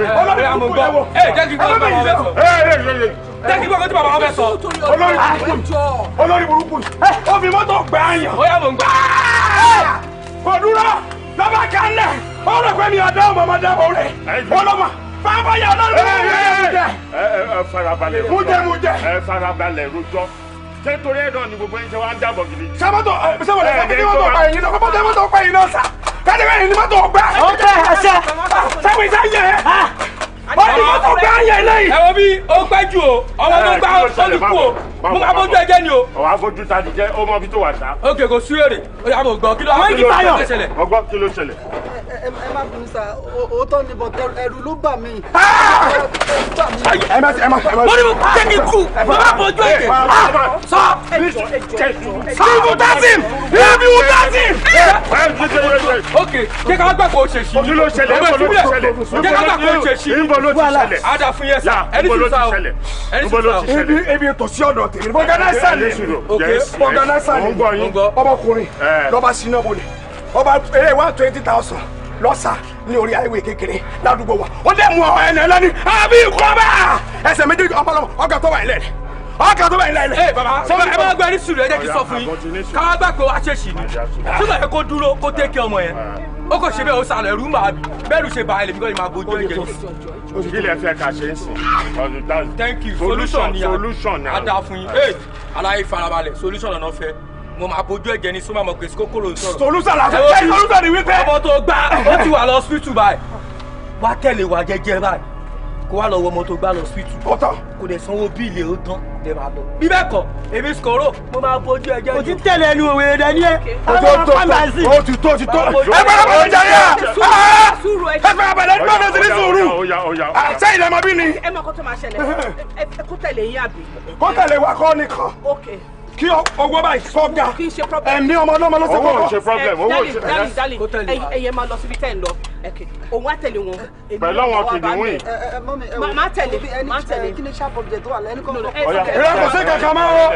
olórí burúkú yẹn wò ẹ jẹ́ kí gbọ́ bàbá wọn bẹ sọ jẹ́ kí gbọ́ bàbá wọn bẹ sọ olórí burúkú olórí burúkú ó fi mọ́tò gbà á yàn ó yà mọ̀ ń gbà á kò dúró lọ́ba kanlẹ̀ ó rẹ̀ pé mi ò dá ọmọ ọmọ dábọ̀ rẹ̀ ọlọ́mọ bàbá yà lọ́rùn mi jẹ. ẹ farabalẹ̀ rojọ́ mujẹ mujẹ. ẹ farabalẹ̀ rojọ́ ṣé torí ẹ̀dọ̀ ni gbogbo ẹ̀ ń ṣe wá ń dábọ̀ gidi. sábàtọ̀ sábàtọ̀ sábàtọ̀ pa èyí náà sábàtọ̀ pa èyí náà sá káde bẹ́ẹ̀ ni mọ́tò ọgbà. ó tẹ ẹsẹ̀. sábà ìta yẹ ẹ. ó ní mọ́tò ọgbà yẹ lẹ́yìn. ẹ wo bí ó gbẹ́jú o ọmọ tó gbá ó lùkú o mo máa bójú ẹjẹ ni o. ọ̀wá fojú ta jẹ ó mọ bí tó wà sá. ok kò sú èrè ó yà mọ̀ gbọ́ kí ló wá ṣẹlẹ̀. ọgbọ́n kí ló ṣẹlẹ̀. ẹ má bínú sá òótọ́ ni bọ̀tẹ́ ẹ̀rù ah! ló bà mí. ẹ má ẹ má ẹ má. mo ní mo tẹ́ ní kú mo máa bójú ẹjẹ. Ah! sọ ibu tẹ́sí ibu tẹ́sí. ok jẹ́ ká gbàgbọ́ òṣèṣì. kí ló ṣẹlẹ̀ ń ló ti ṣẹlẹ̀ jẹ́ ká gbàgbọ́ òṣèṣì. ń bọ̀ ló ti ṣẹlẹ̀. adàfin yẹn sá ẹni tí o ẹni tí o tèmi bọ́gánásà ni bọ́gánásà ni ọmọkùnrin lọ́ba síná bolè ọba eré one twenty thousand lọ́sà ní orí àìwé kékeré ládùúgbò wa ó dẹ̀ mú ọ̀hún ẹ̀nà lọ́ní àbí kọ́bà ẹsẹ̀ méjèèjì ọpọlọmọ ọgá tó wà ilẹ̀ rẹ̀ ọgá tó wà ilẹ̀ rẹ̀. ee ẹ máa gbẹ ní sùúrù ẹ jẹ́ kí n sọ fún yín káwá gbà pé wàá ṣèṣì ni sọba ẹ kó dúró kó tẹ́kẹ̀ ọmọ yẹn ó kò ṣe bẹ́ẹ̀ ó sálọ ẹ̀rú máa bì bẹ́ẹ̀rù ṣe bá ẹlẹ́mí kọ́ni máa bójú ẹ̀jẹ̀ jù. kí lè fẹ́ ká ṣe é sìn ọdún tán. thank you solution ni solution ni a da fún yín aláyé farabalẹ̀ solution lọ́nà fẹ́ mo máa bójú ẹ̀jẹ̀ ní súnmọ́ àmọ́ pèsè kókóró sọ̀rọ̀. solution la fẹ́ solution ni wípé. ọmọ tó gbá ó ti wà lọ hospital báyìí wá tẹ̀lé wa jẹ́jẹ́ báyìí kó wá lọ wọ ọmọ tó gbá lọ síìtù. ọ̀tọ̀. kò dẹ̀ sanwó bíìlì ó tán dẹ̀ máa lọ. bí bẹ́ẹ̀ kọ́ èmi sọ̀rọ̀ mo máa bójú ẹjẹ́ yìí. o ti tẹ̀lé ẹnu òwe rẹ ní ẹ. o ti tó tó o ti tó o ti tó. ẹ gbọ́dọ̀ bọ̀ lọ́jà yà. ẹ gbọ́dọ̀ bọ̀ lọ́jà yà ní sùúrù. sẹ́yìn ah, lẹ́mọ bí ni. ẹ mọ̀ kó tó máa ṣẹlẹ̀ ẹ kó tẹ̀lé yín àbí. kó tẹ̀lé wa kọ́ nìkan kí ọwọ́ báyìí kọjá ẹ̀mí ọmọ ọlọ́mọ ló ṣe kọ́kọ́. owó ṣe problem owó ò ṣe problem. darling darling ẹyẹ máa lọ síbi tẹ́ ẹ̀ ń lọ òun á tẹ̀lé wọn. pẹ̀lú àwọn kìnìún yìí. máa tẹ̀lé máa tẹ̀lé. kí ni sharp object wà lẹ́nu kọ́kọ́. kò sí kankan máa wọ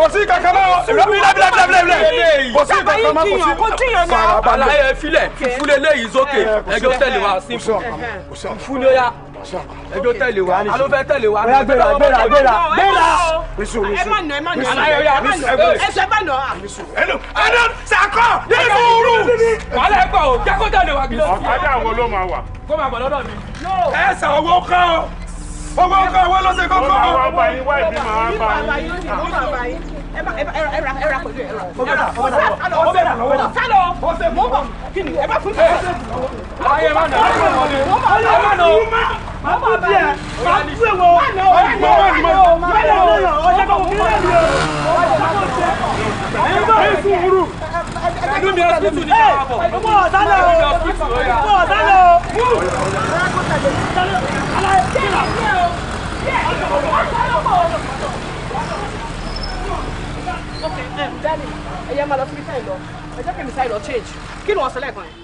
kò sí kankan máa wọ ìrẹ́ mi lábílẹ̀ bílẹ̀ kò sí kankan máa kò sí farabalẹ̀. alaye filẹ fúlẹ lẹ́yìn sókè ẹjọ́ tẹ̀lé wa sí fúlẹ ya ẹjọ́ tẹ̀lé wa alófẹ tẹ̀lé wa. gbéra gbéra gbéra gbéra nisu nisu nisu ẹsọ ẹ bá nọ a. ẹnu ẹnu sakọ nínú ooru. wàhálà ẹ gbọ́ o jákòjá lè wà gílẹ̀. ọ̀kadà àwọn ló máa wà. kó máa bọ̀ lọ́dọ̀ mi. ẹ sà owó kọ́ owó kọ́ owó lọ́sẹ̀ kọ́kọ́. ó máa wá báyìí wáìbí máa bá yín ẹ má ẹ ra ẹ ra ẹ ok um, daddy ẹ̀yẹ́ máa lọ síbi táyì lọ ẹ̀jẹ̀ kẹ́mi táyì lọ change kí ni wọ́n sọ lẹ́ẹ̀kan yẹn.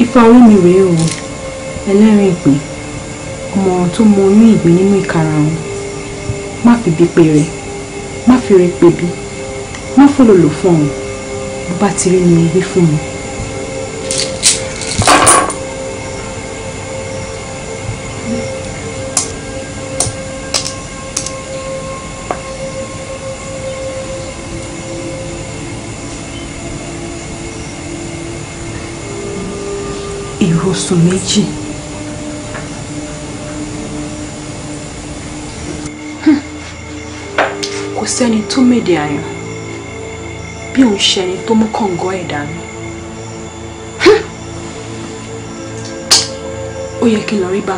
E qual meu eu? ẹlẹ́rìn ìpín ọmọ tó mọ oyún ìgbín nínú ìkarahun má fi bí pe rẹ má fi rẹ pe bí má fòlòlò fún ọ̀hún bó bá ti rí ni wí fún mi. ìrosùn méjì. sẹ́ni tó mèdè àyàn bí òun ṣẹni tó mú kọ̀ǹgọ́ ẹ̀ dání. ó yẹ kí n lọ rí bá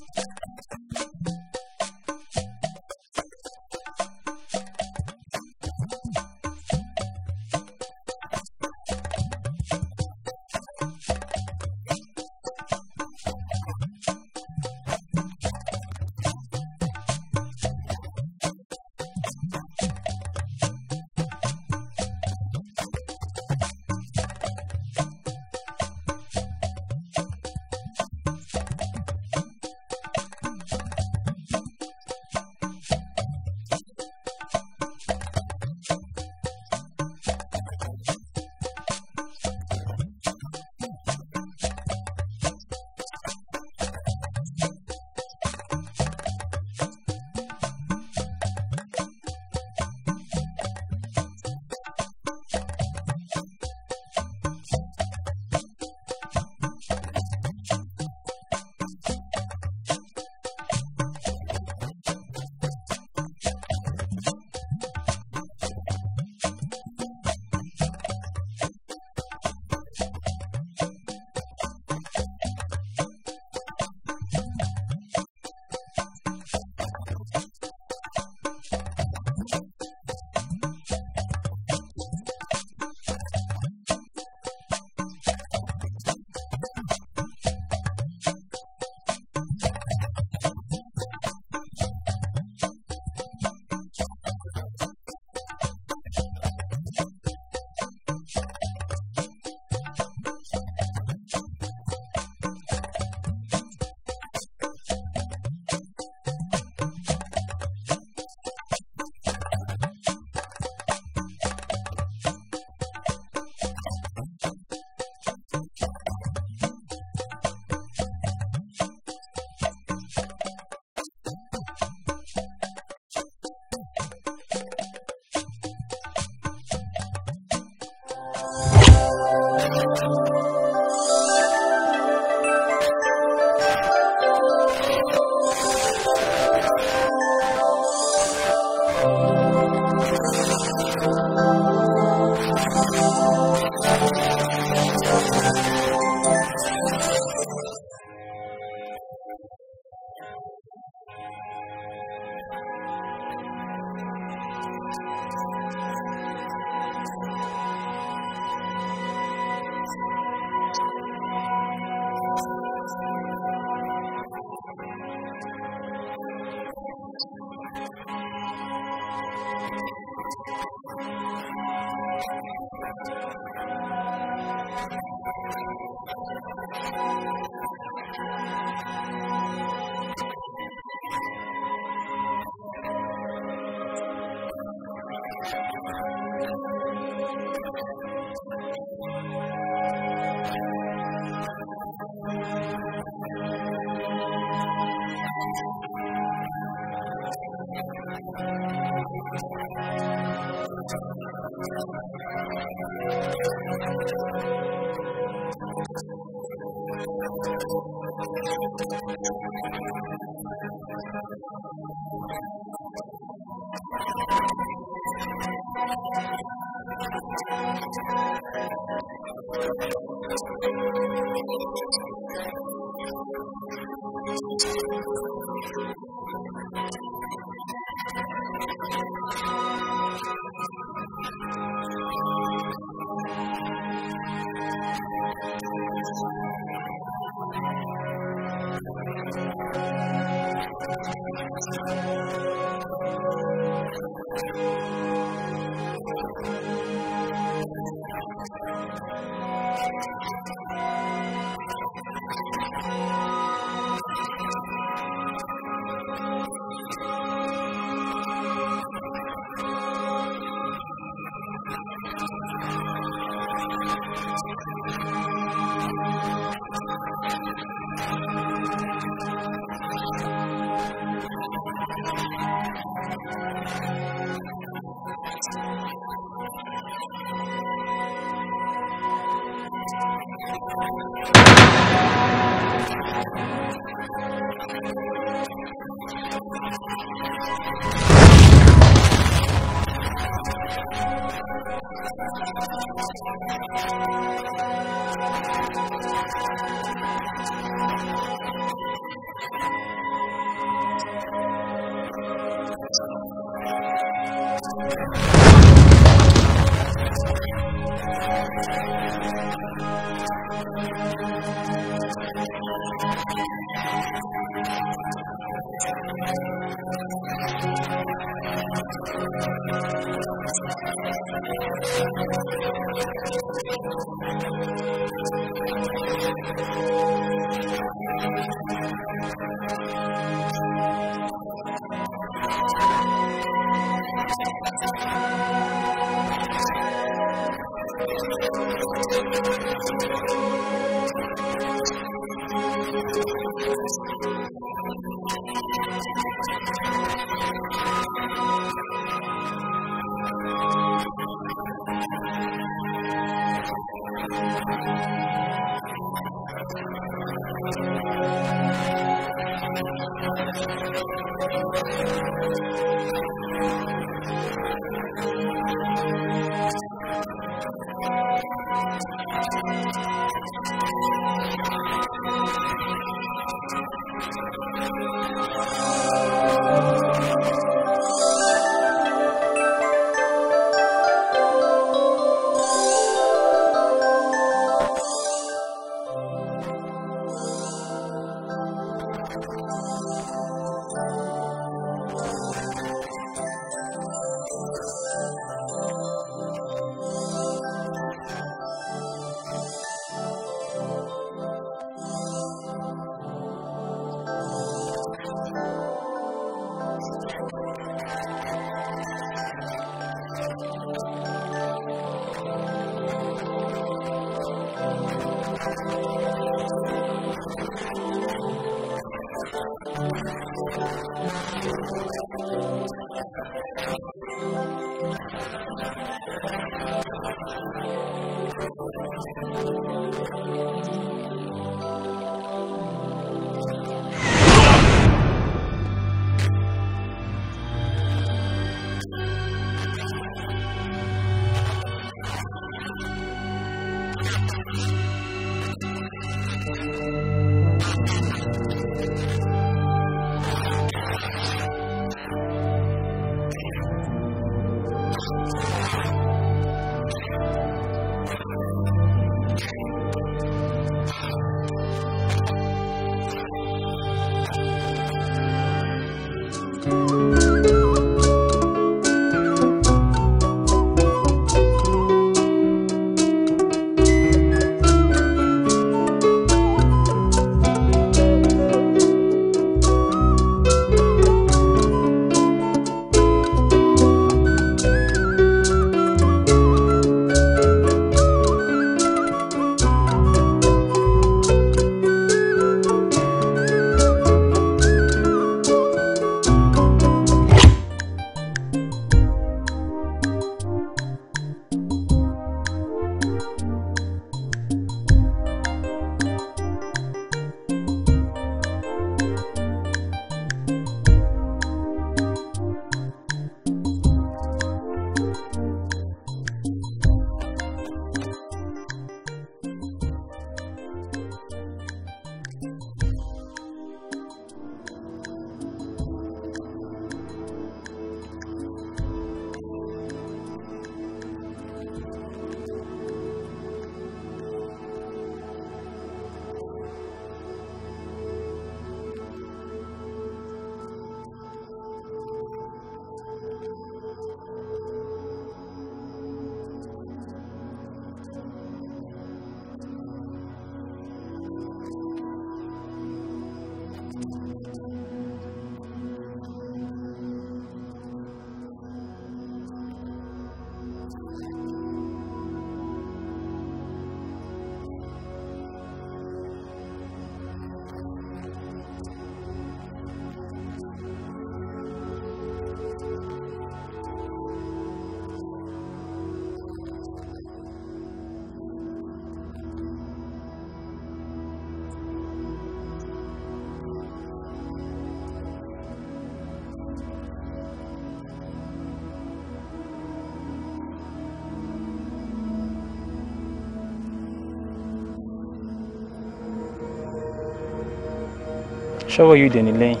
ṣọ́wọ́ yóò dẹ̀ ní lẹ́yìn.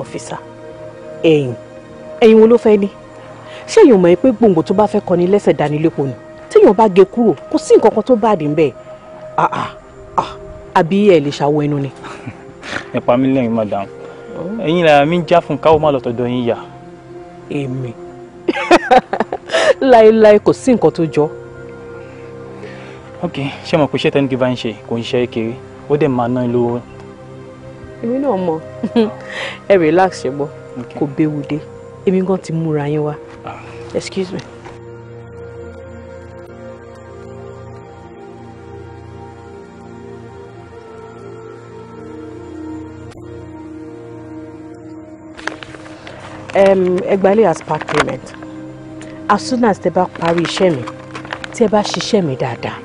ọ̀fíìsà ẹ̀yìn ẹ̀yìn wo ló fẹ́ ní ṣé èèyàn mọ̀ pé gbòǹgbò tó bá fẹ́ kọ ní lẹ́sẹ̀ dánilépo ni téèyàn bá gé kúrò kò sí nǹkan kan tó bá dì ń bẹ̀ ah, ah, ah, àbí ẹ̀ lè ṣàwọ ẹnu ni. ẹ pa mí lẹ́yìn madam ẹ̀yin lára mi ń já fún káwọ́ má lọ tọ̀dọ̀ yín yá. èmi láéláé kò sí nǹkan tó jọ. ok ṣé mo pè ṣé tẹ́ni kí bá ń ṣe kò ń ṣe é kéré ó dẹ̀ máa ná lówó èmi náà mọ̀ ẹ relax ṣe gbọ́ kò béwu dé èmi gan ti múra yín wá ah. excuse me. um, ẹgbàálẹ̀ as part payment as soon as tẹ bá parí iṣẹ́ mi tẹ bá ṣiṣẹ́ mi dáadáa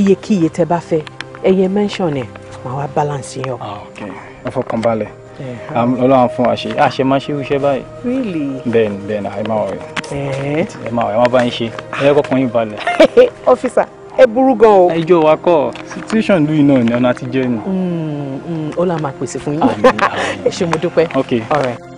iyekíye tẹ bá fẹ́ ẹyẹ mention ẹ màá wá balance yẹn o. Ah, okay ẹ fọkàn balẹ̀ ọlọ́run fún àṣẹ àṣẹ máa ṣe irúṣẹ́ báyìí. really bẹ́ẹ̀ ni bẹ́ẹ̀ ni àyè máa wọ̀ ẹ̀ ẹ máa wọ̀ ẹ máa bá ń ṣe ẹ kọ́kàn yín balẹ̀. ọfíìsà ẹ burú gan o. ẹjọ́ wa kọ́ situation lu iná ni ọ̀nà àtijọ́ ni. ọlọ́run mm, mm, máa pèsè fún yín ẹ ṣé mo dúpẹ́. okay all right.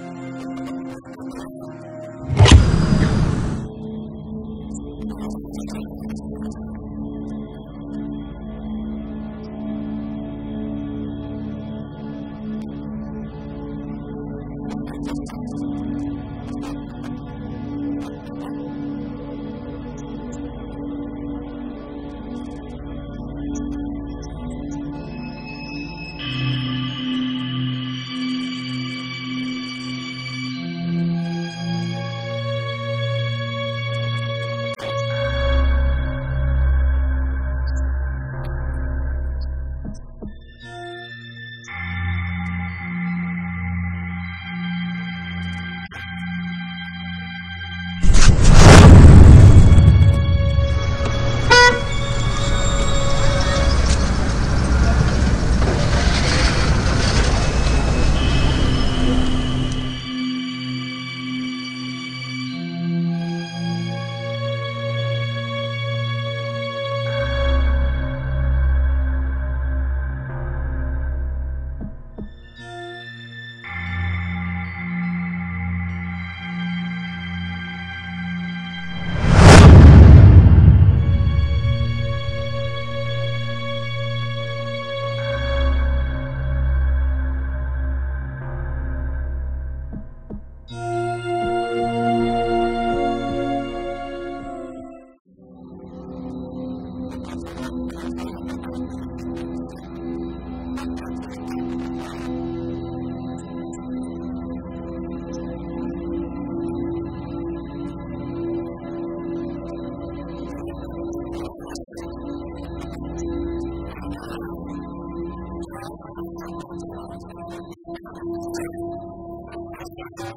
スペシ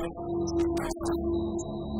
ャル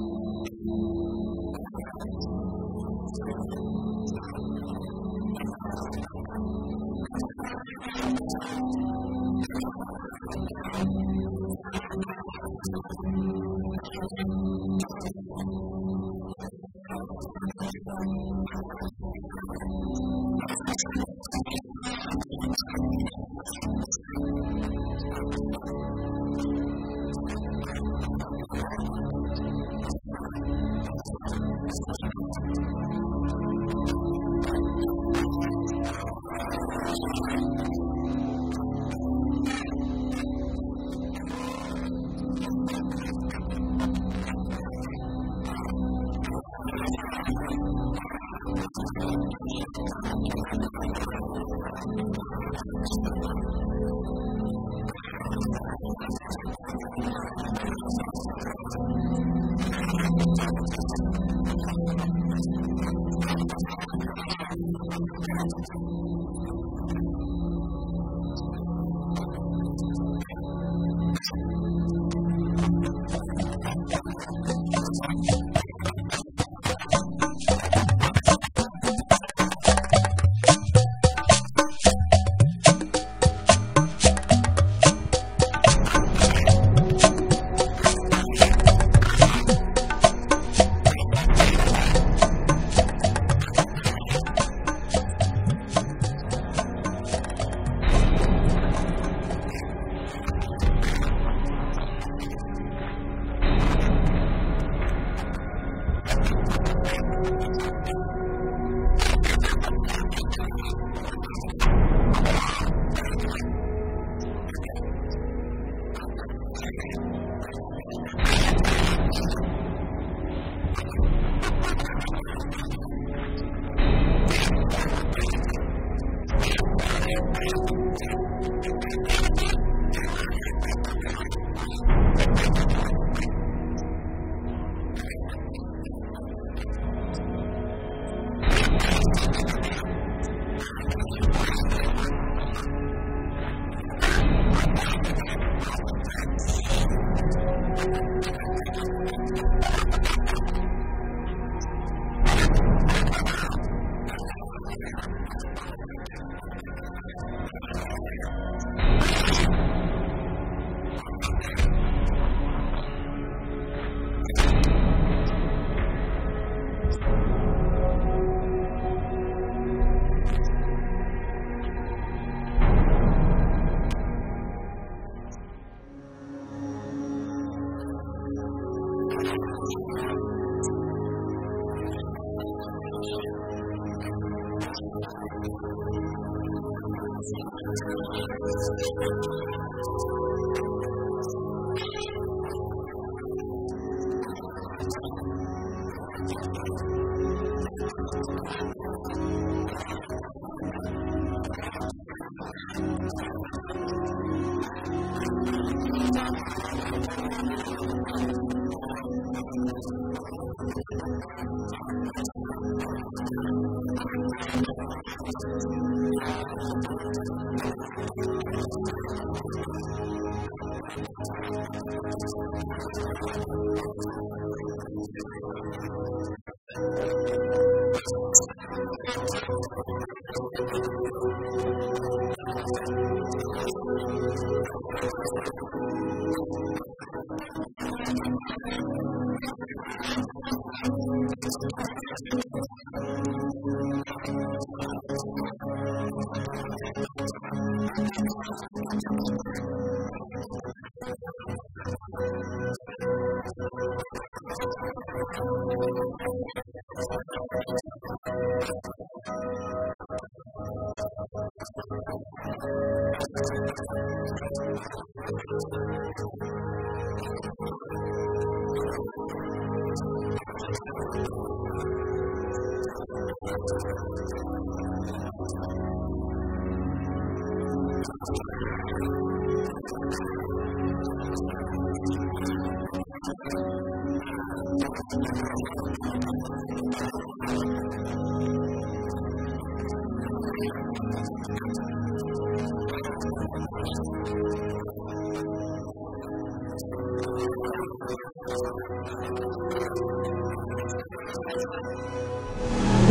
あ。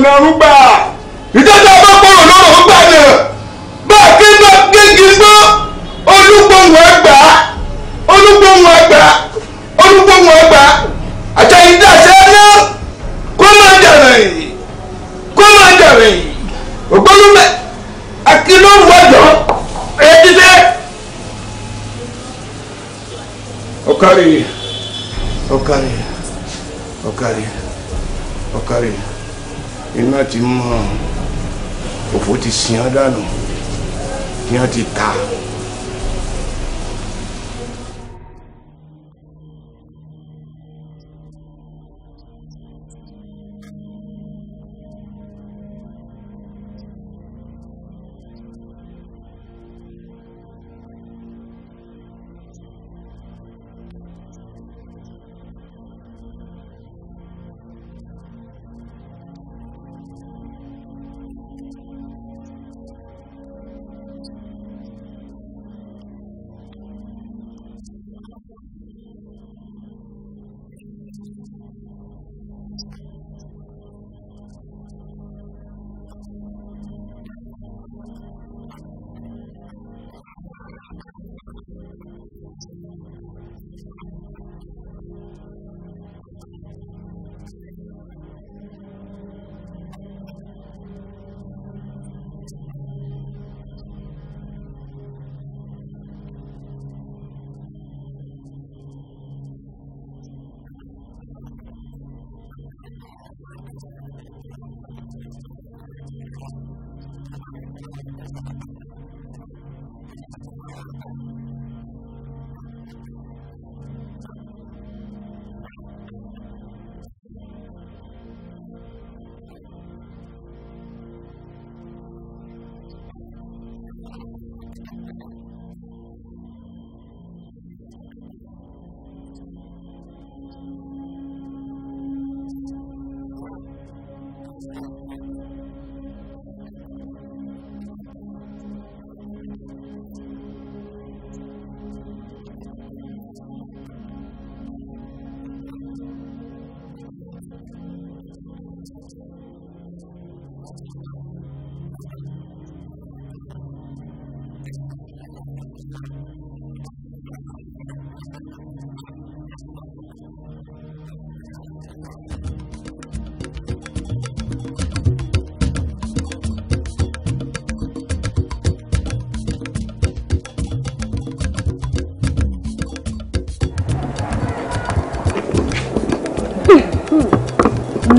gbàngàn rúgbà.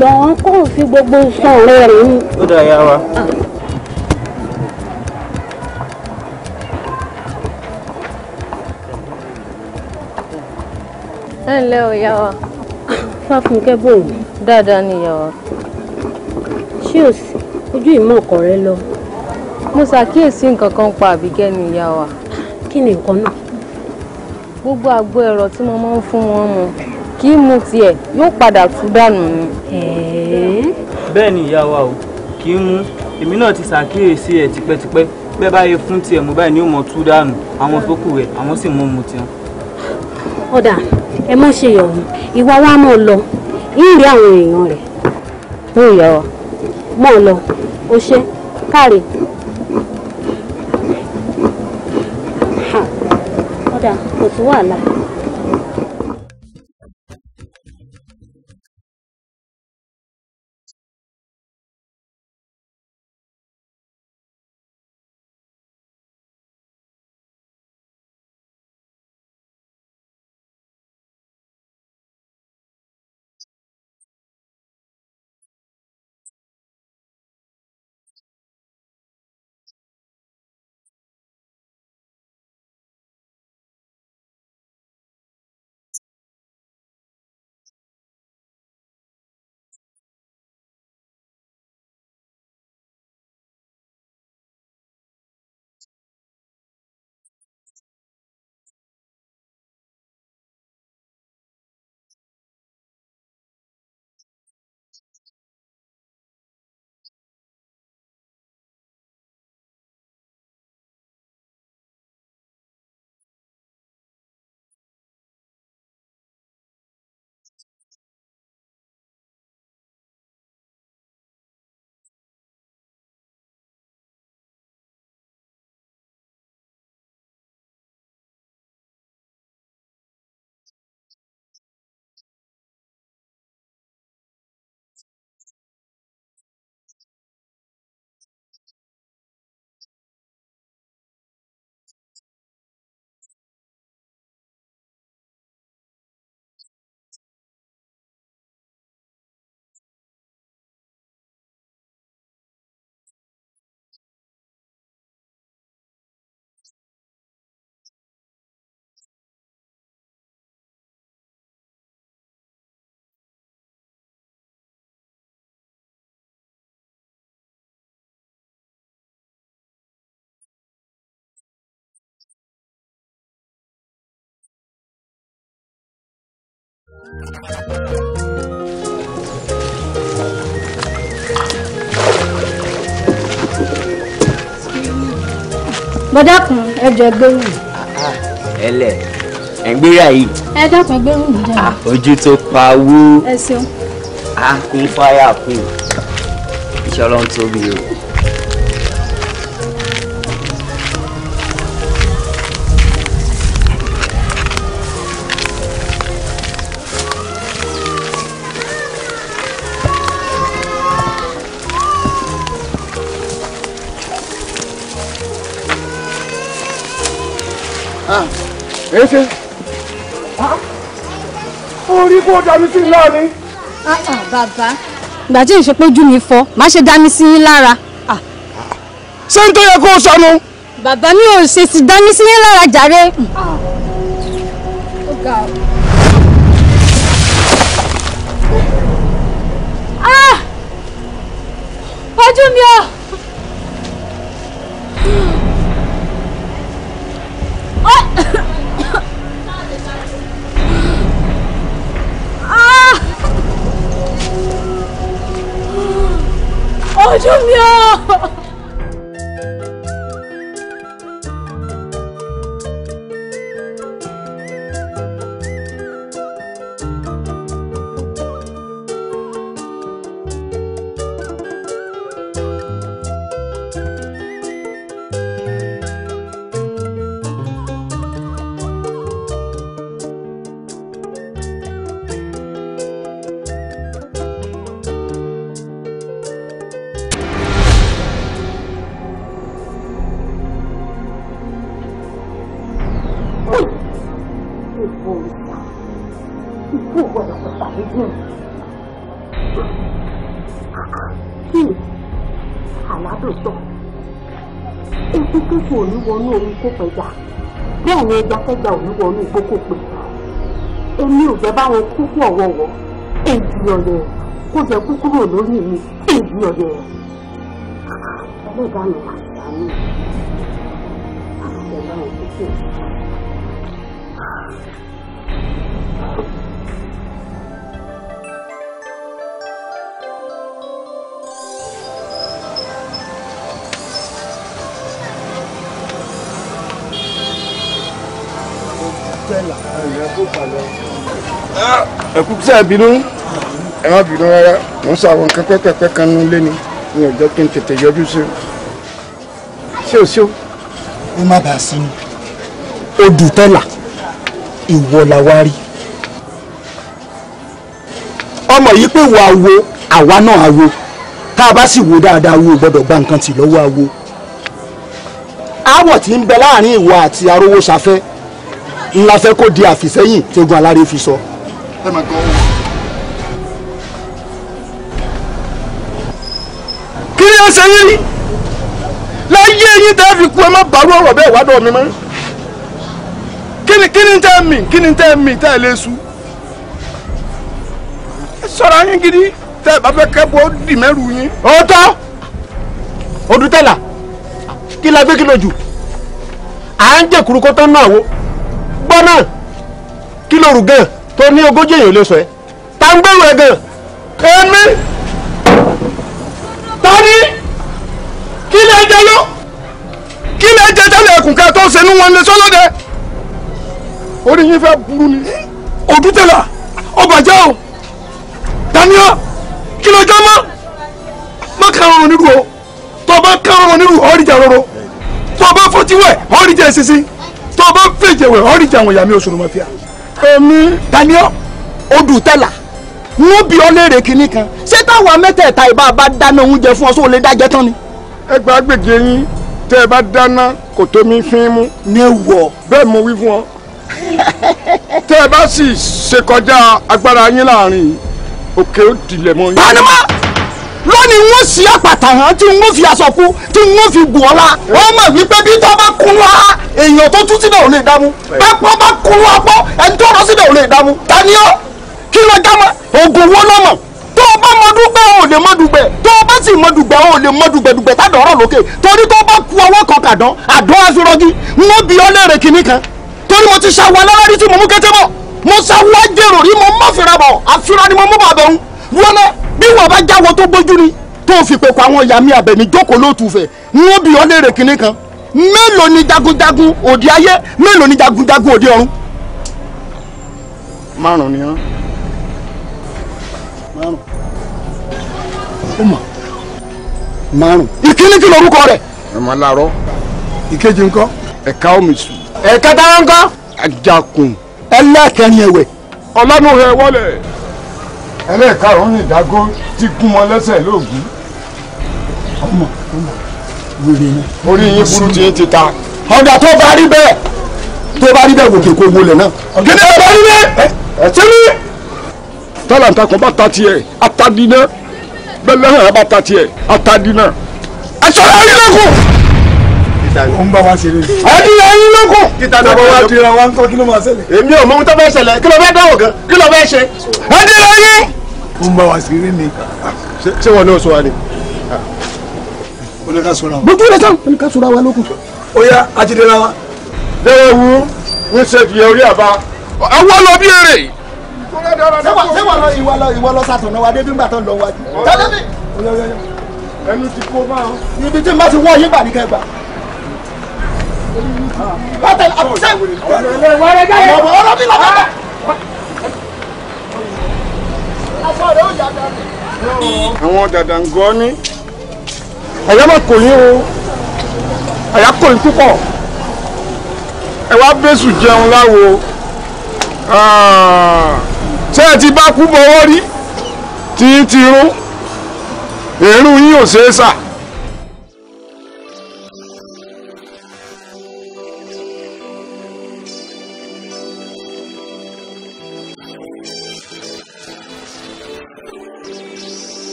ṣùgbọ́n kò fi gbogbo sàn rẹ̀ rí. ó dà yá wa. ẹ ǹlẹ́ o yá wa. fáfúnkẹ́ bò ń. dáadáa ni yá wa. ṣé o sì ojú ìmọ̀ ọkọ rẹ lọ. mo ṣàkíyèsí nǹkan kan pa àbíkẹ́ ni ìyá wa. kí ni nǹkan náà. gbogbo àgbo ẹ̀rọ tí mo máa ń fún wọn mu kì í mu tiẹ̀ yóò padà tú dànù ni. bẹ́ẹ̀ ni ìyá wa o kì í mu èmi náà ti ṣàkíyèsí ẹ̀ tipẹ́tipẹ́ bẹ́ẹ̀ bá yẹ fún tiẹ̀ mú báyìí ni ó mọ̀ tú dànù àwọn tó kù rẹ̀ àwọn sì mú mu tiẹ̀. ọ̀dà ẹ má ṣe yọ̀hún ìwà wa mọ̀ lọ ìrì àwọn èèyàn rẹ̀. mú ìyá wa mọ̀ lọ o ṣe káre. ọ̀dà kò sí wàhálà. mo dákun ẹjọ gbẹrù. ẹlẹ ẹ ń gbéra ah, ah, yìí. ẹ dákun gbẹrù mi jẹ. ojú tó pa wó. ẹ ṣeun. a ah, kún fáyà kún iṣẹ́ ọlọ́run tóbi o. èsè orí kó dami sí láàrin. Ah, ah, bàbá ìgbà tí ìṣe pé jù mí fọ má ṣe dá mi sí yín lára. Ah. ṣé n tó yẹ kó o sọnù. bàbá mi ò ṣe sì dá mi sí yín lára jàre. ojú mi ò. kò pẹ́ jà ni ẹja kẹgbà ò ní wọnú igbó kò pé èmi ò fẹ́ báwọn kúkú ọ̀wọ̀wọ̀ èdè ọ̀rẹ́ kó jẹ kúkúrò lórí mi èdè ọ̀rẹ́ ẹlẹ́dàá mi ẹ̀kú sí ẹ̀bínú ẹ má bínú rárá mò ń sàwọn nǹkan pẹ́pẹ́pẹ́ kan nínú ilé ni mi ò jẹ́ kí n tètè yọjú sí o ṣé o ṣé o. ó má bàa sinmi odù tọ́là ìwọ la wá rí ọmọ yìí pé wàá wo àwa náà á wo tá a bá sì wo dáadáa wo gbọ́dọ̀ gba nǹkan tì lọ́wọ́ á wo tí ń bẹ láàrin ìwọ àti arówó ṣafẹ́ ńlá fẹ́ kó di àfìsẹ́yìn tí ogun alárè fi sọ. ẹ máa gbọ́ wọn. kí ni ẹ ṣe yín rí láyé yín tẹ́ fi kú ẹ má bàrú ọ̀rọ̀ bẹ́ẹ̀ wá dọ̀ mi mọ́ kí ni kí ni tẹ́ mì kí ni tẹ́ mì tẹ́ lé su ẹ sọ̀rọ̀ yín gidi tẹ́ ẹ bá fẹ́ kẹ́bọ̀ dì mẹ́rù yín. ọ̀tọ̀ odutẹ́là kí la gbé kí lójú à ń jẹ́ kúrúkọ́tọ́ náà wo gbọ́ náà kí ló rù gan tó ní ogójì èèyàn lè sọ ẹ́ ta ń gbẹ̀rù ẹ̀ gan èmi ta ni kí lè jẹ lọ kí lè jẹ tẹ́lẹ̀ ẹ̀kùn kan tó ṣe ní wọn lè sọ́lọ́dẹ orí yín fẹ́ burú ni òdútẹ̀là ọbàjẹ́ o taniọ́ kí ló jẹ́ mọ́ má kàrún onírú o tọ́ bá kàrún onírú ọ̀rìjà roro tọ́ bá fọ́tíwẹ̀ ọ̀rìjà ìsinsin tó o bá fèjè wẹ̀ ọ́rí ìjà àwọn ìyá mi òṣòro mọ́ fíà. èmi daniel odùtẹ́là wọ́n bí ọ léèrè kínní kan ṣé táwa mẹ́tẹ̀ẹ̀ta ìbá bá dáná oúnjẹ fún ọ sóò lè dájẹ́ tán ni. ẹ gba gbègbè yín tẹ́ ẹ bá dáná kò tó mi fín mú. ní wọ. bẹ́ẹ̀ mo wí fún ọ. tẹ́ ẹ bá sì ṣe kọjá agbára yín láàrin òkè ó dilẹ̀ mọ́ yín. báyìí lónìí wọ́n sì àpàtà hàn tí wọ́n fi aṣọ kú tí wọ́n fi bù ọ́ la wọ́n mọ̀ wípé bí tó bá kún wá èèyàn tó tún síbẹ̀ ò lè dámú pápá bá kún wá pọ́ ẹni tó rọ síbẹ̀ ò lè dámú ta ni ọ́ kí ló já mọ́ oògùn wo lọ́mọ̀ tó o bá mọ dúpẹ́ o ò lè mọ dùgbẹ́ tó o bá sì mọ dùgbẹ́ o ò lè mọ dùgbẹ́ dùgbẹ́ tàdán ọ̀rọ̀ lókè torí tó o bá ku ọwọ́ kan kàdán àdán afirọ́gí wọ́n bi ọ́ léèrè kìnnì kan torí mo ti ṣàwọ̀ alárárí tí mo mú kété bọ̀ mo ṣàwọ̀ ajérò rí mo mọ́ fìrà bọ̀ àfirà ni mo mú bàbá òun wọlé bí wọn bá jáwọ́ tó gbójú ni tó fi pèkọ àwọn ìyá mi àbẹ̀mí jókòó lóòtú fẹ̀ wọn bí wọn léèrè kinní kan mélòó ni jagunjagun òde ayé mélòó ni jagunjagun òde ọ̀run. márùn ni hàn márùn ó mà márùn. ìkíní kí lorúkọ rẹ̀. ẹ̀mọ́ làárọ̀. ìkejì ńkọ́. ẹ̀ka omi sùn. ẹ̀ka táwọn ńkọ́. ajakun. ẹlẹ́kẹ̀rin ẹ̀wẹ̀. ọ̀lànà ẹ̀ wọlé ẹlẹ́ẹ̀karùn-ún ìdágó ti gún mọ́ lẹ́sẹ̀ lóògùn. ọmọ ọmọ wèrè ni. orí yín burú ti yín ti ta. ọ̀dà tó bá rí bẹ́ẹ̀ tó bá rí bẹ́ẹ̀ gòkè kó wọlé náà. gidi ẹ bá rí bẹ́ẹ̀ ẹ ti rí. tálàǹtà kan bá ta tiẹ̀ atadina bẹ́ẹ̀ lẹ́hìn bá ta tiẹ̀ atadina. ẹ sọ̀rọ̀ ayé lẹ́kọ̀ọ́ ó ń bá wa ṣeré. ẹdí ẹyin lókun. kíta ní ọba wa dira wa ń kọ́ kí ló máa ṣẹlẹ̀. èmi ò mọ ohun tó fẹ́ ṣẹlẹ̀ kí ló fẹ́ dáwọ̀ gan kí ló fẹ́ ṣe. ẹdí ẹyin ó ń bá wa ṣeré ni. ṣé wọn náà sọ wa ni. olùkà sọra wa. gbogbo ilé tán olùkà sọra wa lókun. ó yá ajídéra wa. lẹ́yìn wú ní sẹ́fì orí àbá. àwọn lọ bí èrè. sẹ́wà lọ ìwà lọ ìwà lọ sàtọ̀nà wa débi ńgbà tó lọ wájú. tẹ́lẹ̀mí. ẹnu ti kó máa. ibi tí n bá ti wọ́ yín gbà ní kẹgbà bàtà àbúṣe ọ̀rọ̀ mi lọ bàtà àwọn dàdàǹgọ́ ní àyà máa kò yín o àyà kò yín púpọ̀ ẹ wá bẹ́sù jẹun láwo ah. ṣé ẹ ti bá kú bọ́wọ́ rí tí ń tirú èrú yín ò ṣeé sà.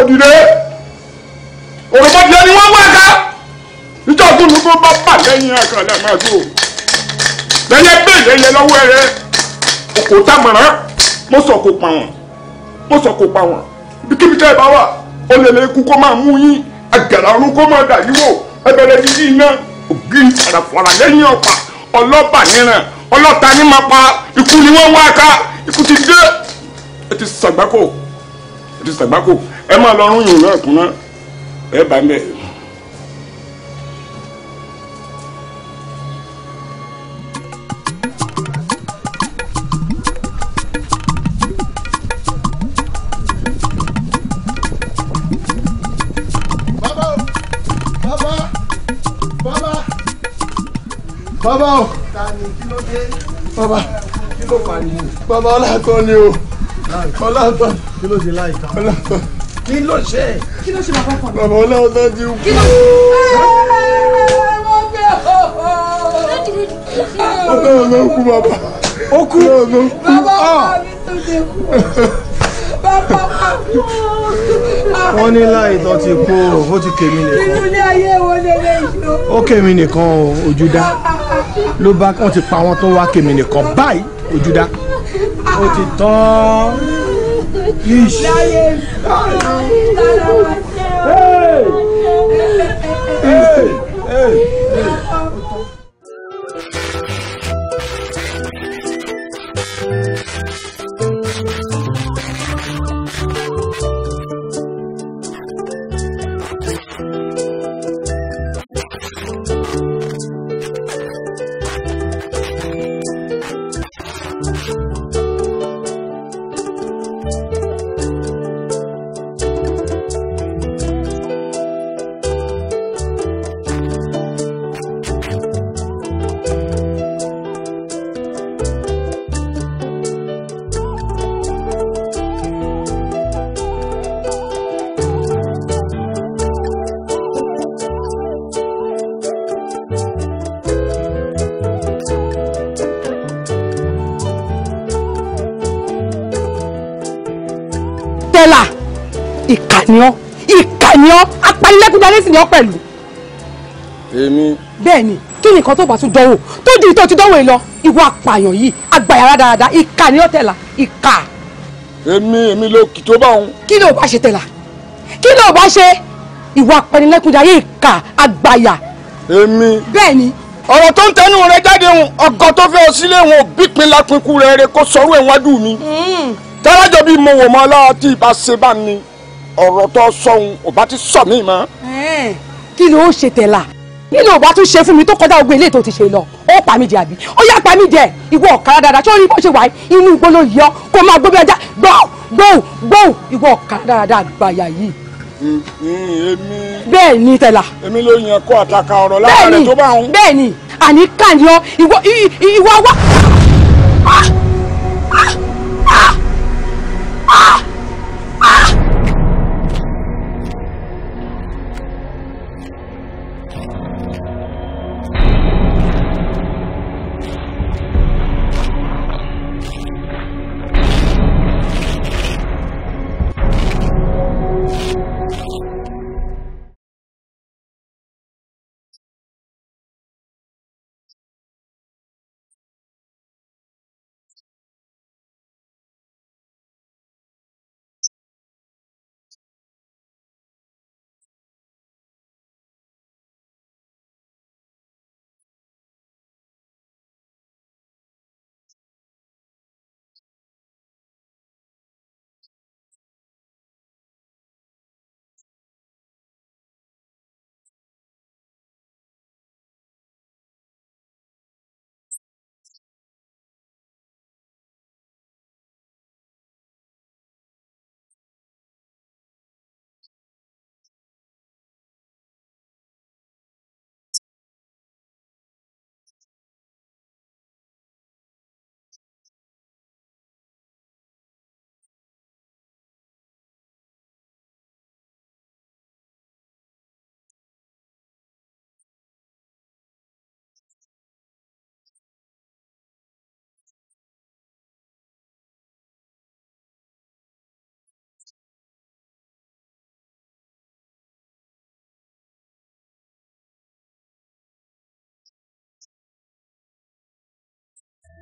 òdìdé òròmọdìyẹ ni wọ́n wá ká ìjọ ọdún tó bá bà lẹ́yìn àkàlà máa tó lẹ́yẹ bẹ́ẹ̀ lẹ́yẹ lọ́wọ́ rẹ òkò támọ̀rán mo sọ kò pa wọ́n mo sọ kò pa wọ́n ibikíbi tẹ́ ẹ bá wà ó lè lè kú kó máa mú yín àgàrà ọ̀run kó máa dà yín wò ẹ bẹ̀rẹ̀ iná ògiri àràfàrà lẹ́yìn ọ̀pá ọlọ́pàá níran ọlọ́ta ní máa pa ikú ni wọ́n wá ká ikú ti dé ẹ ti sàgbákò ẹ ti sàgbákò ẹ máa lọ rún yòówù ẹ̀kún náà ẹ bá ń bẹ̀. bàbá o bàbá bàbá ọlá kan ni o ọlá kan kí ló ṣe láìka ọlá kan kí ló ṣe. kí ló ṣe bàbá kan. bàbá ọlọ́run náà ti kú. kí ló ṣe. mo bẹ ọ. ọlọ́run ló kú bàbá. ó kú. Ah. bàbá ọmọ mi tó dé kú. wọ́n ní láì tó ti kú ó ti kèmí nìkan. inú ilé ayé wo lè lè yọ. ó kèmí nìkan ojú dá ló bá wọn ti pa wọn tó wá kèmí nìkan báyìí ojú dá ó ti tán. Yíṣ. you. ni ọ́ ìkà ni ọ́ apanilẹ́kúnjalè sì ni ọ́ pẹ̀lú. èmi. bẹ́ẹ̀ni kí nìkan tó bá tún dánwò tó ju ìtọ́ ti dánwò yìí lọ ìwọ apààyàn yìí agbàyàrá dáadáa ìkà ni ọ́ tẹ̀lá ìkà. èmi èmi ló kì tó bá òun. kí ló bá ṣe tẹ̀lá kí ló bá ṣe ìwọ apanilẹ́kúnjalè ìkà agbàyà. èmi. bẹ́ẹ̀ni ọ̀rọ̀ tó ń tẹnu rẹ jáde ń ọkọ tó fẹ́ sílé wọn bípin lápínkù rẹ rẹ kó sọ̀rọ̀ ẹ̀wájú mi. Hmm. tẹ́lájọ́ bíi mo wò mọ́ aláwa tí ọ̀rọ̀ tó sọ̀hún ò bá ti sọ mí mọ́. kí ló ń ṣe tẹ̀lá kí ló bá tún ṣe fún mi tó kọjá ogun ilé tó ti ṣe lọ ó pa mí jẹ àbí ó yá pa mí jẹ ìwọ ọ̀kadà dáadáa tí ó rí bó ṣe wà inú igbó ló yọ kó máa gbó ọjà gbó gbó gbó ìwọ ọ̀kadà dáadáa àgbàyà yìí. bẹ́ẹ̀ ni tẹ̀lá. èmi ló yan kó àtàkà ọ̀rọ̀ láàárẹ̀ tó bá Ah! Ah!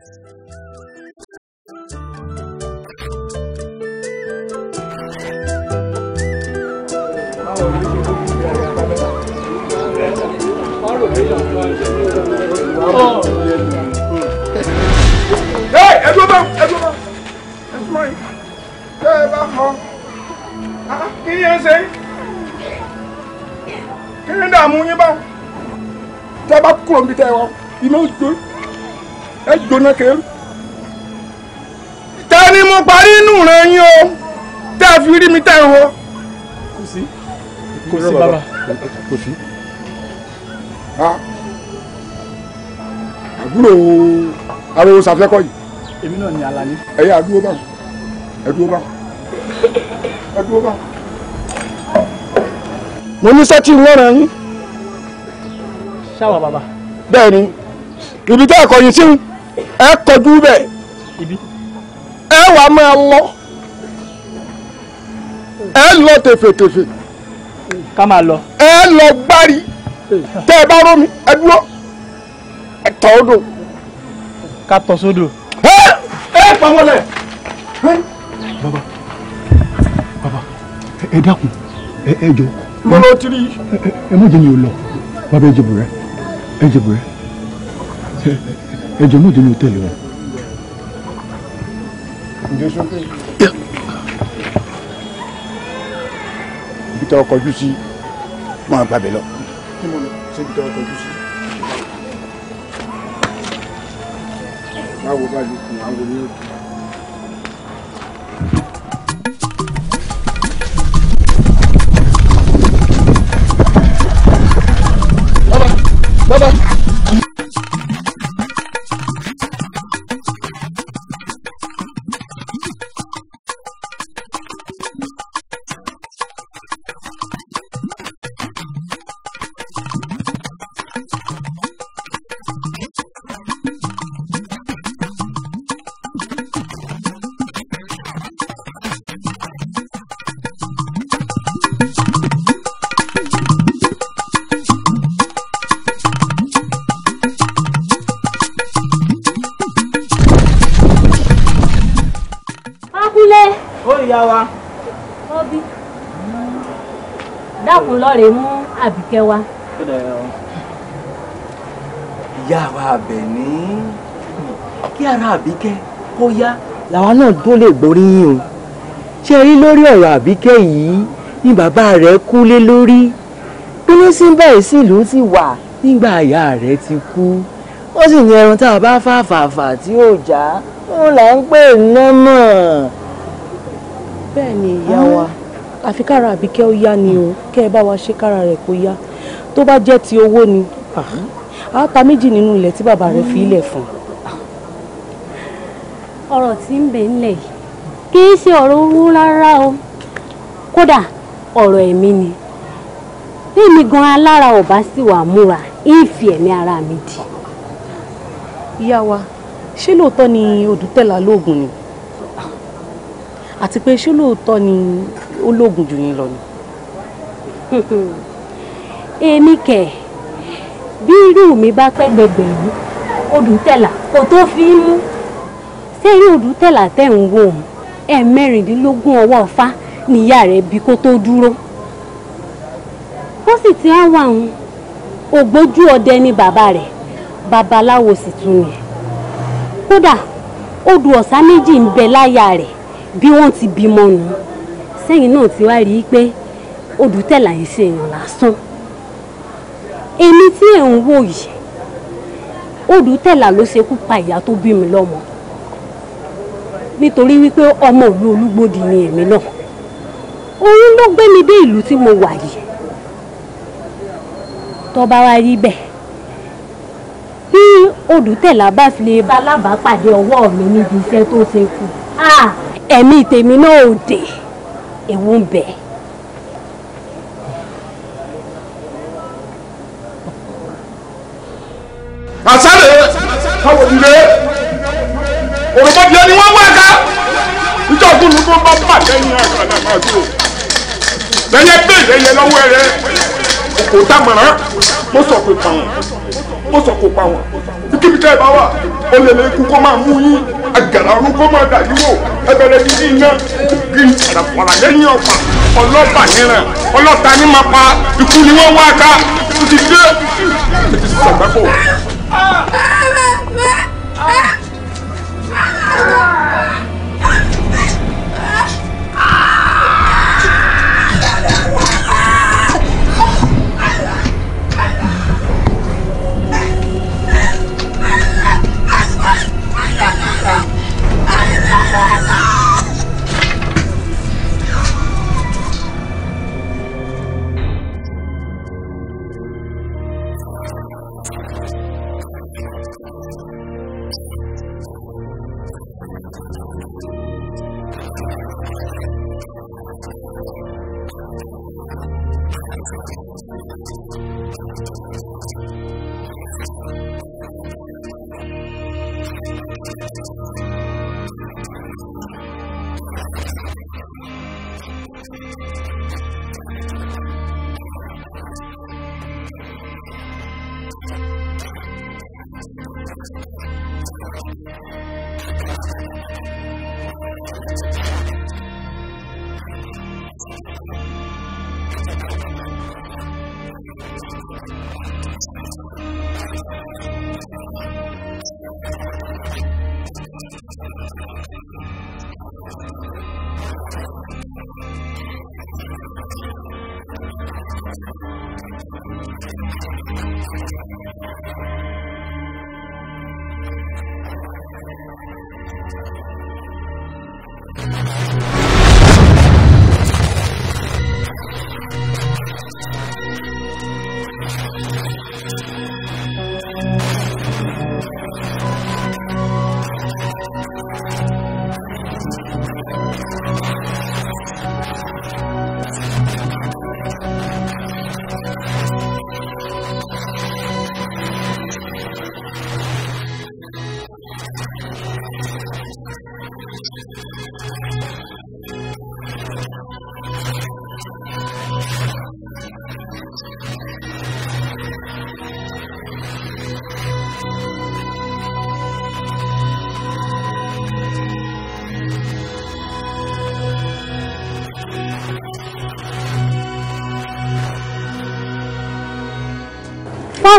kúrò níbi tẹ́ ẹ wọ iná jó ẹ gbóná kéré ta ni mo parí inú rẹ yín o tẹ́ ẹ fi rí mi tẹ́ ẹ wo. kò sí kò sí bàbá kò sí. àbúrò ariwo sàfẹ́kọ̀ yìí. èmi náà ni Àlàní. ẹ̀yà àdúró báwọn ẹ̀dúró báwọn ẹ̀dúró báwọn. mo ní sẹ́tì ńlọ́rọ̀ yín. ṣáwa bàbá. bẹ́ẹ̀ ni ibi tẹ́ ẹ̀kọ́ yìí sí ẹ kọjú bẹ ẹ wà máa lọ ẹ lọ tẹfẹtẹfẹ ká máa lọ ẹ lọ gbárí tẹ ẹ bá rómi ẹ dúró ẹ tọ odò ká tọ sódò ẹ ẹ pamọlẹ. bàbá bàbá ẹ dákun ẹ ẹ jọ. lọ́lọ́ tiri. ẹ ẹ má jẹ́ mi ò lọ bàbá ẹ jẹ́ bùrẹ́ ẹ jẹ́ bùrẹ́ ẹjọ́ mọ̀dé ló tẹ̀lé wọn. ibi tí wọ́n kọjú sí máa gbàbẹ̀ lọ. kí mo lọ sí ibi tí wọ́n kọjú sí. báwo bá lè kún àwọn olóyún. kẹ́ wá. Um. ìyá wa Àbẹ̀ní kí ara Àbíkẹ́ kó yá làwa náà tó lè gbóríyìn o ṣe rí lórí ọ̀rọ̀ Àbíkẹ́ yìí ni bàbá rẹ̀ kú lé lórí bínú sí bẹ́ẹ̀ sí ìlú ti wà nígbà ìyá rẹ̀ ti kú ó sì ní ẹran tá a bá fàfàfà tí ò já òun là ń pè nọ́mọ̀. bẹ́ẹ̀ ni ìyá wa ah. àfi kára Àbíkẹ́ ó yá ni o kẹ́ ẹ bá wa ṣe kára rẹ̀ kó yá tó bá jẹ́ ti owó ni àáta méjì nínú ilẹ̀ tí bàbá rẹ̀ fi ilẹ̀ fún. ọ̀rọ̀ tí ń bẹ ńlẹ̀ yìí kì í ṣe ọ̀rọ̀ owó rárá o kódà ọ̀rọ̀ ẹ̀mí ni bí mi gan alára ò bá sì wà múra ìfì ẹ̀mí ara mi dì. ìyá wa ṣé lóòótọ́ ni odùtẹ̀lá lóògùn ni àti pé ṣé lóòótọ́ ni ó lóògùn jù yín lọ ni. èmi kẹ̀ bí irú mi bá pẹ́ gbẹgbẹ̀rún odùtẹ̀là kò tó fi ń mú odu tela odùtẹ̀là tẹ̀ ń wò ó ẹ̀ẹ̀mẹ́rìndínlógún ọwọ́ ọ̀fá níyà rẹ̀ bí tó dúró ó sì ti á wà ń ògbójú ọdẹ ni bàbá rẹ̀ babaláwo sì tún ni kódà odù nbe méjì ń bẹ láyà rẹ̀ bí wọ́n ti bímọ nù sẹ́yìn náà ti wá rí i pé yìí ṣe èèyàn èmi tí ẹ̀ ń wò yìí odù tẹ̀là ló ṣekú pa ìyá tó bí mi lọ́mọ nítorí wípé ọmọ ìlú olúgbòdì ni èmi náà òun ló gbé mi dé ìlú tí mo wà yìí tó bá wá rí bẹ́ẹ̀ bí odù tẹ̀là bá fi lè bá alábàápàdé ọwọ́ mi níbi iṣẹ́ tó ṣe kù ẹ̀mí tèmi náà ò dé ewu ń àṣàlẹ̀ káwọ̀ dìde òròmọdìyẹ ni wọ́n wá ká ìjọ òkúlù tó bá bà lẹ́yìn àkàlà máa tó lẹ́yẹ bẹ́ẹ̀ lẹ́yẹ lọ́wọ́ rẹ kò dámọ̀ràn mo sọ pé pa wọn mo sọ kò pa wọn kíbi tẹ́ ẹ bá wà ó lè lè kú kó máa mú yín àgàrà ọ̀run kó máa dà yíwò ẹgbẹ̀rẹ̀ dídí iná gírí àràpàrà lẹ́yìn ọ̀pá ọlọ́pàá níran ọlọ́ta ní máa pa ikú ni wọ́n wá ká ó ti dé ó ti sọ̀gbẹ́pọ̀. Ah!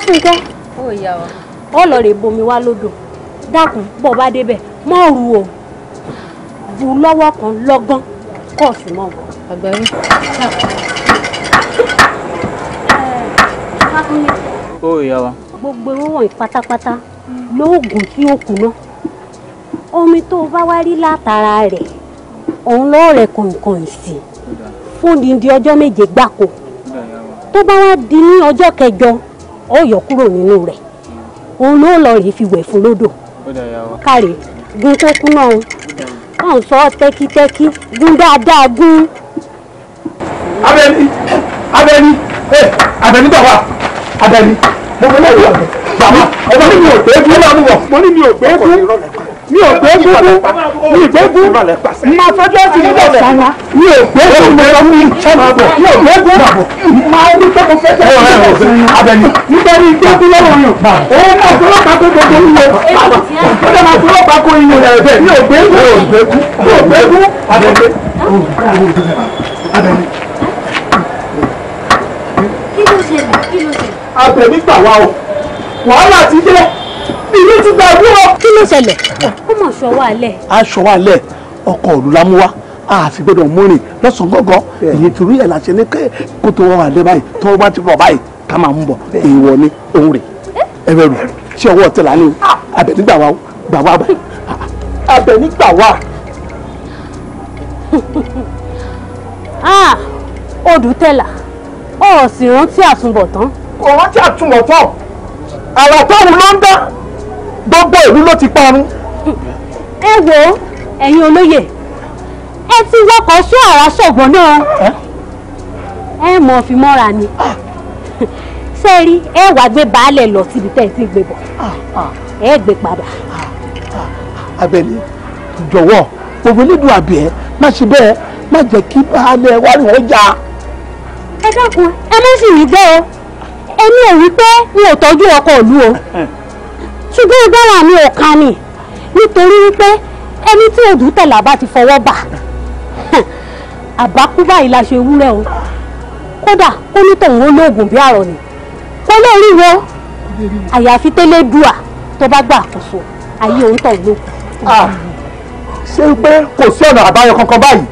fúnkẹ́ ọlọ́rẹ̀ bomi wá lódò dákun bọ́ bá débẹ̀ mọ́ ru o bu lọ́wọ́ kan lọ́gán kọ́ sí mọ́ ọ̀gọ́. àgbẹ̀rù. ó yà wá. gbogbo wọn pátápátá lóògùn tí ó kù náà omi tó bá wá rí látara rẹ̀ òun lọ́ọ́ rẹ̀ kọ̀ǹkọ̀ǹ sí fún dídí ọjọ́ méje gbáko tó bá wá di ní ọjọ́ kẹjọ ó yọ kúrò nínú rẹ̀ òun ló lọ rèé fi wẹ̀ fún lódò káre gun kó kúnná o kàn sọ tẹ́kítẹ́kí gun dáadáa gun. Abẹ́ni Abẹ́ni eh, Abẹ́ni bàbá Abẹ́ni mo fẹ́ lẹ́yìn bàbá ọmọ mi ò gbé kú mo ní mi ò gbé kú mi ò gbé gúgú mi gbé gúgú ma fẹjọ sí ilé sànà mi ò gbé gúgú mi ò gbé gúgú ma ní tọ́kọ fẹjọ sí ilé sànà abẹ́ni nítorí gbẹ́kú lọ́wọ́ yàn òun máa tó lọ́pàá kó gbogbo iye ọjọ́ máa tó lọ́pàá kó iye rẹ̀ mi ò gbé gúgú mi ò gbé gúgú abẹ́ni. abẹ́ni gbà wá o wàhálà ti dé ìlú ti gbàgbé ọ. kí ló ṣẹlẹ̀ ó mọ̀ ṣọwọ́ alẹ̀. aṣọwọ́ alẹ̀ ọkọ̀ òlu la mú wa àfi gbọ́dọ̀ múrin lọ́sàn-án gọ́gọ́ èyí torí ẹ̀ láti ní kó tó wà lẹ́ báyìí tó bá ti bọ̀ báyìí ká máa mú bọ̀ èèwọ̀ ni òun rè ẹ bẹ̀rù tí ọwọ́ ọ̀tẹ̀ là ní o Àbẹ̀ní ah! gbà wá o gbà wá báyìí Àbẹ̀ní gbà wá. Ah! odù tẹ̀là ọ̀ sì rántí àtúbọ̀tán. kò rántí àtúbọ̀tán àràtọ́run ló ń dá gbogbo ìlú ló ti parun. ẹ wo ẹ̀yin olóyè ẹ ti wọkọ̀ sún àwa ṣọ̀gbọ́n náà ẹ mọ̀ fi mọ́ra ni ṣé rí ẹ wàá gbé baálẹ̀ lọ síbi tẹ́ ẹ ti gbé bọ̀ ẹ gbé padà. Àbẹ̀ní jọ̀wọ́ òwe nídùú àbí ẹ má ṣe bẹ́ẹ̀ má jẹ́ kí baálẹ̀ wá wọn jà. ẹ dákun ẹ má sì rí gbọ́ o èmi ò wí pé n ò tọ́jú ọkọ ìlú o ṣùgbọ́n agbára mi ò kà ní nítorí wípé ẹni tí odù tẹ̀lá bá ti fọwọ́ bà àbákú báyìí la ṣe wúrẹ́ o kódà kó ní tòun ó lóògùn bí àrọ̀ ni kó lè rí wo àyàfi tẹ́lẹ̀ dùà tó bá gbà àkóso ayé òun tọ̀ ló. ṣé pé kò sí ọ̀nà àbáyọ kankan báyìí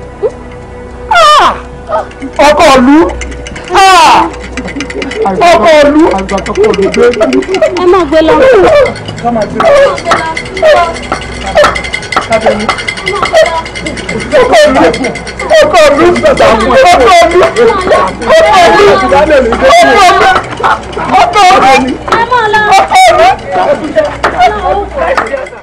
hmm? ọkọ̀ ọ̀lú ọkọ olú ẹ má gbé lọ. ọkọ olú ọkọ olú ọkọ olú ọkọ olú ọkọ olú ọkọ olú ọkọ olú.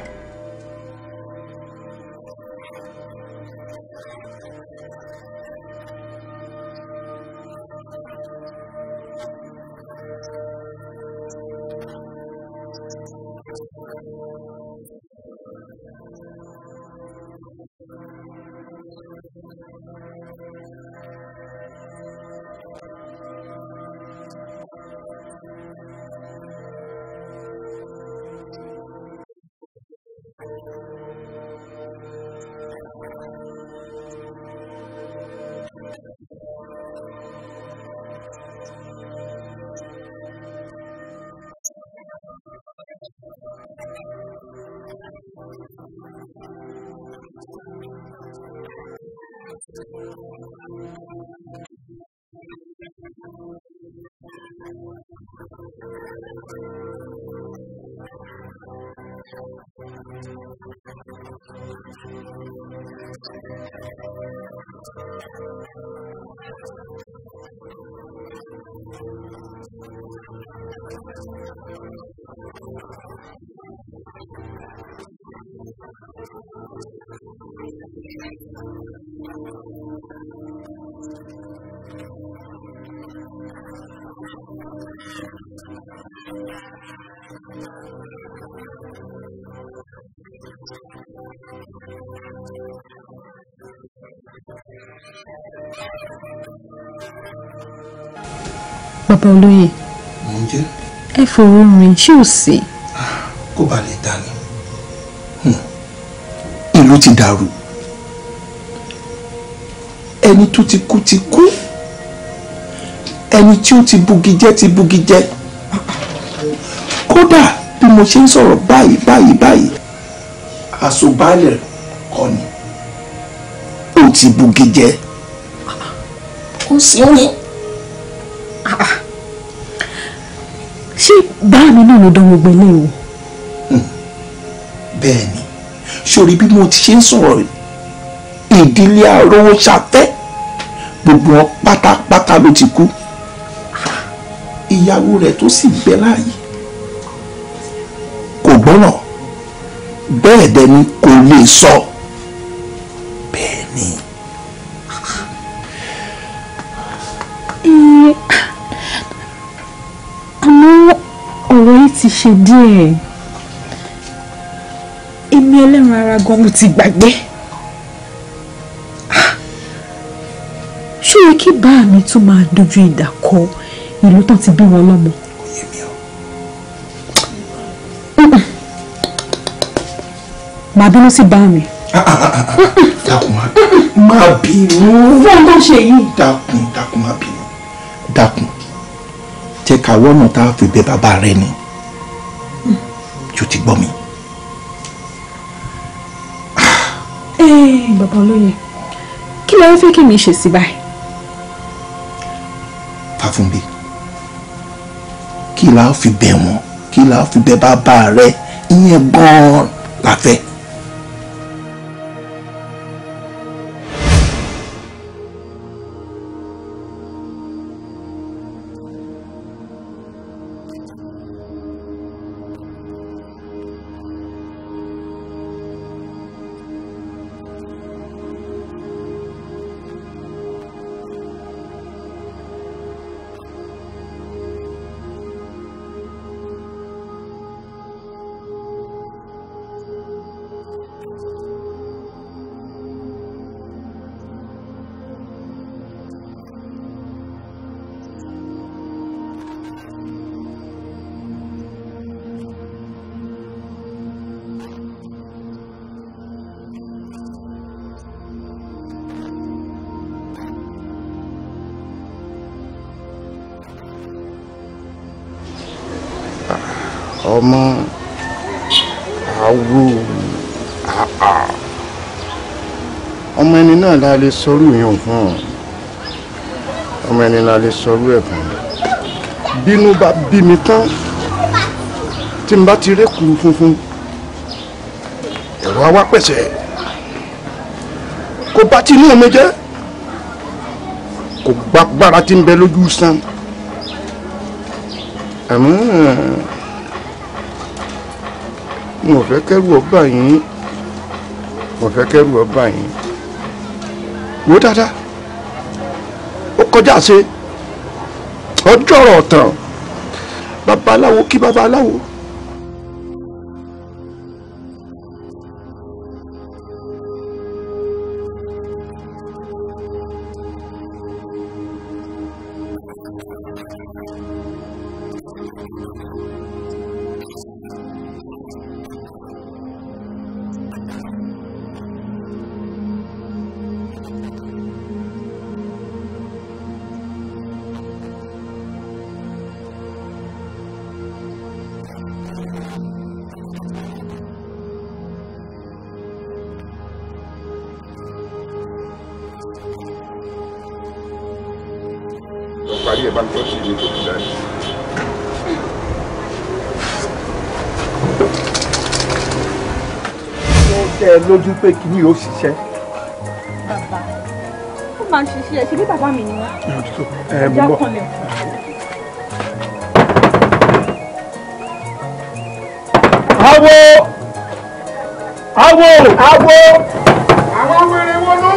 bàbá olóyè. mò ń jẹ́. ẹ fòrò rìn ṣé ò sí. Ah, kó bá lè dání hmm. ìlú ti dàrú ẹni tó ti kú ti kú ẹni tí ó ti bugi jẹ ti bugi jẹ kódà bí mo ṣe ń sọ̀rọ̀ báyìí báyìí báyìí àṣùbálẹ̀ kọ́ ni ó ti bugi jẹ ó sì báà mi náà ló dán gbogbo ilé ìwò. Hmm. bẹ́ẹ̀ ni sórí bí mo ti ṣe ń sọ̀rọ̀ ìdílé arówó ṣàtẹ́ gbogbo wọn pátápátá ló ti kú ìyàwó rẹ̀ tó sì bẹ láàyè kò gbọ́nà bẹ́ẹ̀ dẹ̀ ni kò lè sọ bẹ́ẹ̀ ni. ti ṣe díẹ̀ èmi ẹlẹ́ran ara gan mo ti gbàgbé ah! ṣó yẹ kí bàá mi tún máa dojú ìdà kọ ìlú tán ti bí wọn lọ́mọ. màá bínú sí bàá mi. dákun má bínú. wọ́n tó ṣe yìí. dákun dákun má bínú dákun jẹ́ ká wọ́nà tá a fi bẹ bàbá rẹ ni tó ti gbọ́ mi. Eh, bàbá olóye kí ló ń fẹ́ kí mi ṣe sí báyìí. fàfúnbi kí la fi bẹ̀ wọ́n kí la fi bẹ̀ bàbá rẹ ìyẹn gan-an la fẹ́. náà la lè sọrú yẹn fún ọ ọmọ ẹni la lè sọrú ẹ fún bínú bá bí mi tán tí n bá ti rí kuru funfun ẹ̀rọ àwa pẹ̀sẹ̀ kò bá tinú mi jẹ́ kò gbàgbára tí ń bẹ lójú san àmọ́ mo fẹ́ kẹ́rù ọba yín mo fẹ́ kẹ́rù ọba yín wò dáadáa ó kọjá ṣe ọjọ́ ọ̀rọ̀ ọ̀tàn babaláwo kí babaláwo. pé kíní yóò ṣiṣẹ́. bàbá ó máa ń ṣiṣẹ́ ṣe bí bàbá mi ni wọ́n. ẹja kanlẹ̀ fún awo awo awo. àwọn wèrè wọn ló.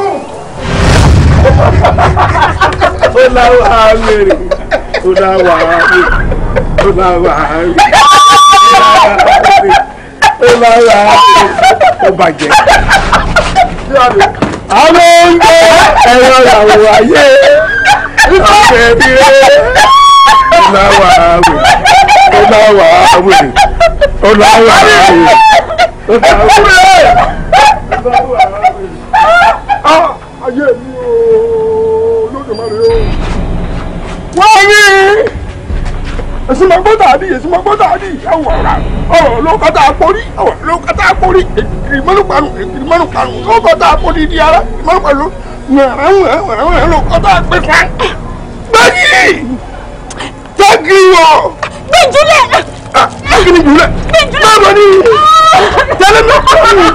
ó láwọn àwèrè ó láwọn àwèrè ó láwọn àwèrè ó lọ ra ó bàjẹ́ àwọn oúnjẹ ẹ̀rọ làwọn ayé ọ̀sẹ̀ bí rẹ̀ ó láwà àwẹ̀ ó láwà àwẹ̀ ó láwà àwẹ̀ ó láwà àwẹ̀ ó láwà àwẹ̀ ayé mi ooo lódùmarè o. wọ́n rí èsì mọ́gbọ́n tàbí èsì mọ́gbọ́n tàbí ẹ̀wọ̀n rà ọ̀rọ̀ ló kọ́ tá a kórí ọ̀rọ̀ ló kọ́ tá a kórí èkìrì mọ́nù parun èkìrì mọ́nù parun ló kọ́ tá a kórí di ara mọ́nù parun nàrẹ́wọ̀n ló kọ́ tá a pé pa. gbẹ́gì gbẹ́gì wọ̀. gbẹ́júlẹ̀. Ah, gbẹ́gì ni jùlẹ̀. gbẹ́júlẹ̀. báwo ni tẹ́lẹ̀ mi kọ́ mi.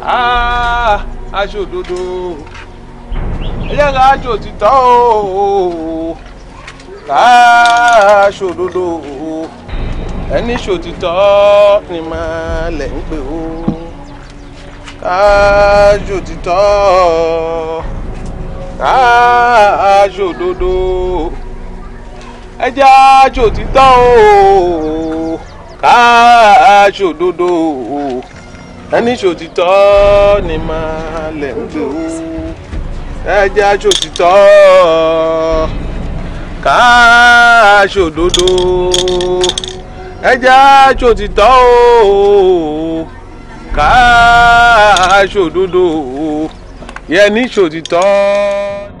Ah, aṣọ òdodo ẹjẹ́ ká aṣọ òtítọ́ o ká aṣọ òdodo ẹni ṣòtítọ́ ni máa lẹ̀ ń pè ó ká aṣọ òtítọ́ ká aṣọ òdodo ẹjẹ́ aṣọ òtítọ́ o ká aṣọ òdodo ẹni ṣòtítọ́ ni máa lẹ̀ ń tò ó ẹjẹ́ aṣòtítọ́ ká aṣòdodo ẹjẹ́ aṣòtítọ́ o ká aṣòdodo yẹni ṣòtítọ́.